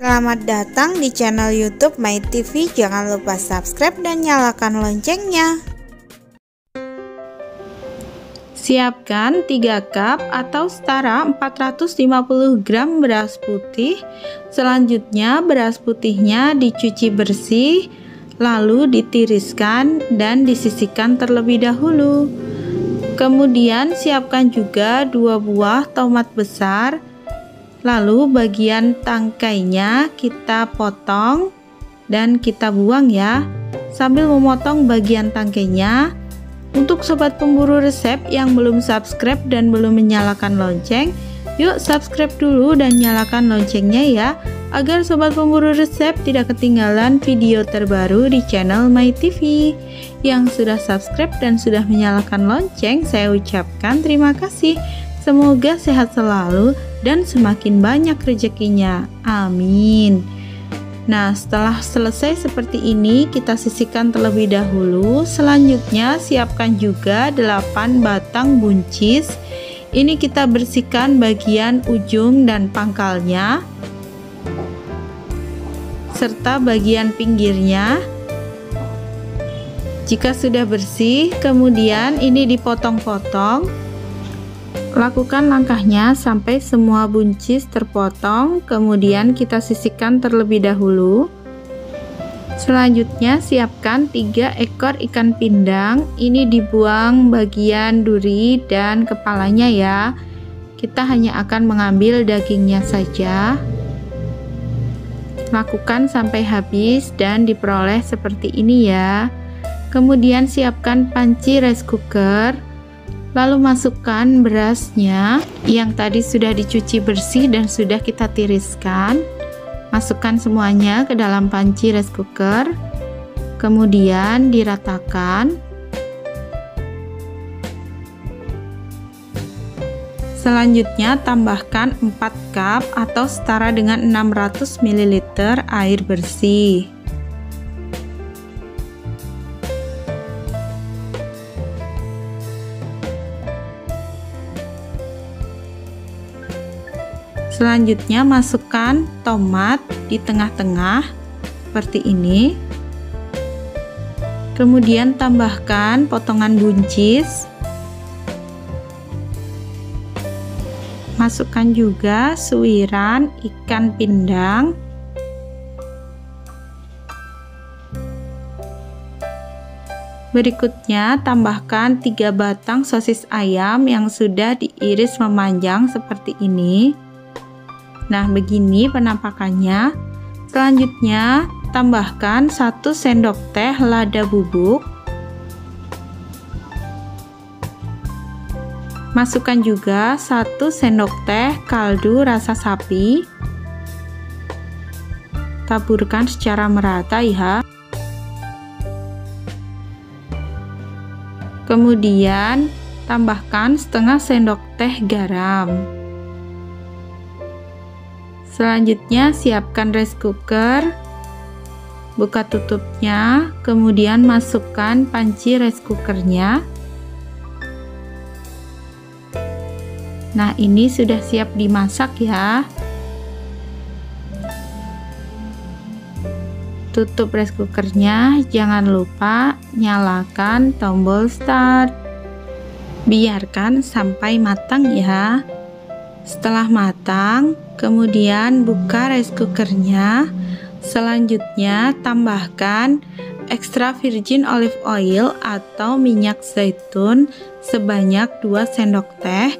Selamat datang di channel YouTube My TV. Jangan lupa subscribe dan nyalakan loncengnya. Siapkan 3 cup atau setara 450 gram beras putih. Selanjutnya beras putihnya dicuci bersih, lalu ditiriskan dan disisihkan terlebih dahulu. Kemudian siapkan juga 2 buah tomat besar Lalu bagian tangkainya kita potong dan kita buang ya. Sambil memotong bagian tangkainya, untuk sobat pemburu resep yang belum subscribe dan belum menyalakan lonceng, yuk subscribe dulu dan nyalakan loncengnya ya, agar sobat pemburu resep tidak ketinggalan video terbaru di channel My TV. Yang sudah subscribe dan sudah menyalakan lonceng, saya ucapkan terima kasih. Semoga sehat selalu dan semakin banyak rezekinya. Amin. Nah, setelah selesai seperti ini, kita sisihkan terlebih dahulu. Selanjutnya, siapkan juga 8 batang buncis. Ini kita bersihkan bagian ujung dan pangkalnya serta bagian pinggirnya. Jika sudah bersih, kemudian ini dipotong-potong. Lakukan langkahnya sampai semua buncis terpotong, kemudian kita sisihkan terlebih dahulu. Selanjutnya siapkan 3 ekor ikan pindang, ini dibuang bagian duri dan kepalanya ya. Kita hanya akan mengambil dagingnya saja. Lakukan sampai habis dan diperoleh seperti ini ya. Kemudian siapkan panci rice cooker Lalu masukkan berasnya yang tadi sudah dicuci bersih dan sudah kita tiriskan. Masukkan semuanya ke dalam panci rice cooker. Kemudian diratakan. Selanjutnya tambahkan 4 cup atau setara dengan 600 ml air bersih. Selanjutnya masukkan tomat di tengah-tengah seperti ini. Kemudian tambahkan potongan buncis. Masukkan juga suiran ikan pindang. Berikutnya tambahkan 3 batang sosis ayam yang sudah diiris memanjang seperti ini. Nah, begini penampakannya. Selanjutnya, tambahkan 1 sendok teh lada bubuk. Masukkan juga 1 sendok teh kaldu rasa sapi. Taburkan secara merata ya. Kemudian, tambahkan setengah sendok teh garam. Selanjutnya siapkan rice cooker. Buka tutupnya, kemudian masukkan panci rice cookernya. Nah, ini sudah siap dimasak ya. Tutup rice cookernya, jangan lupa nyalakan tombol start. Biarkan sampai matang ya. Setelah matang, kemudian buka rice cookernya. Selanjutnya, tambahkan extra virgin olive oil atau minyak zaitun sebanyak 2 sendok teh.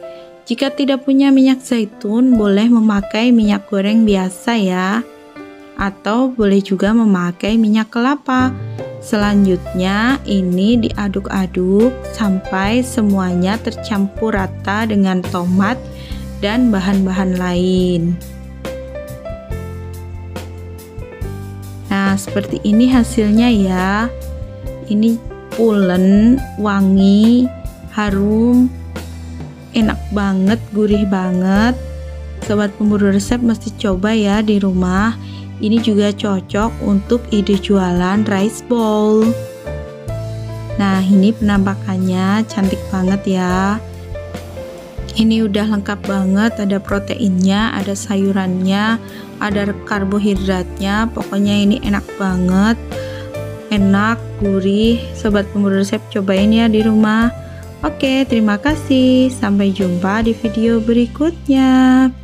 Jika tidak punya minyak zaitun, boleh memakai minyak goreng biasa ya. Atau boleh juga memakai minyak kelapa. Selanjutnya, ini diaduk-aduk sampai semuanya tercampur rata dengan tomat dan bahan-bahan lain. Nah, seperti ini hasilnya ya. Ini pulen, wangi, harum, enak banget, gurih banget. Sobat pemburu resep mesti coba ya di rumah. Ini juga cocok untuk ide jualan rice bowl. Nah, ini penampakannya cantik banget ya ini udah lengkap banget ada proteinnya ada sayurannya ada karbohidratnya pokoknya ini enak banget enak gurih sobat pemburu resep cobain ya di rumah oke terima kasih sampai jumpa di video berikutnya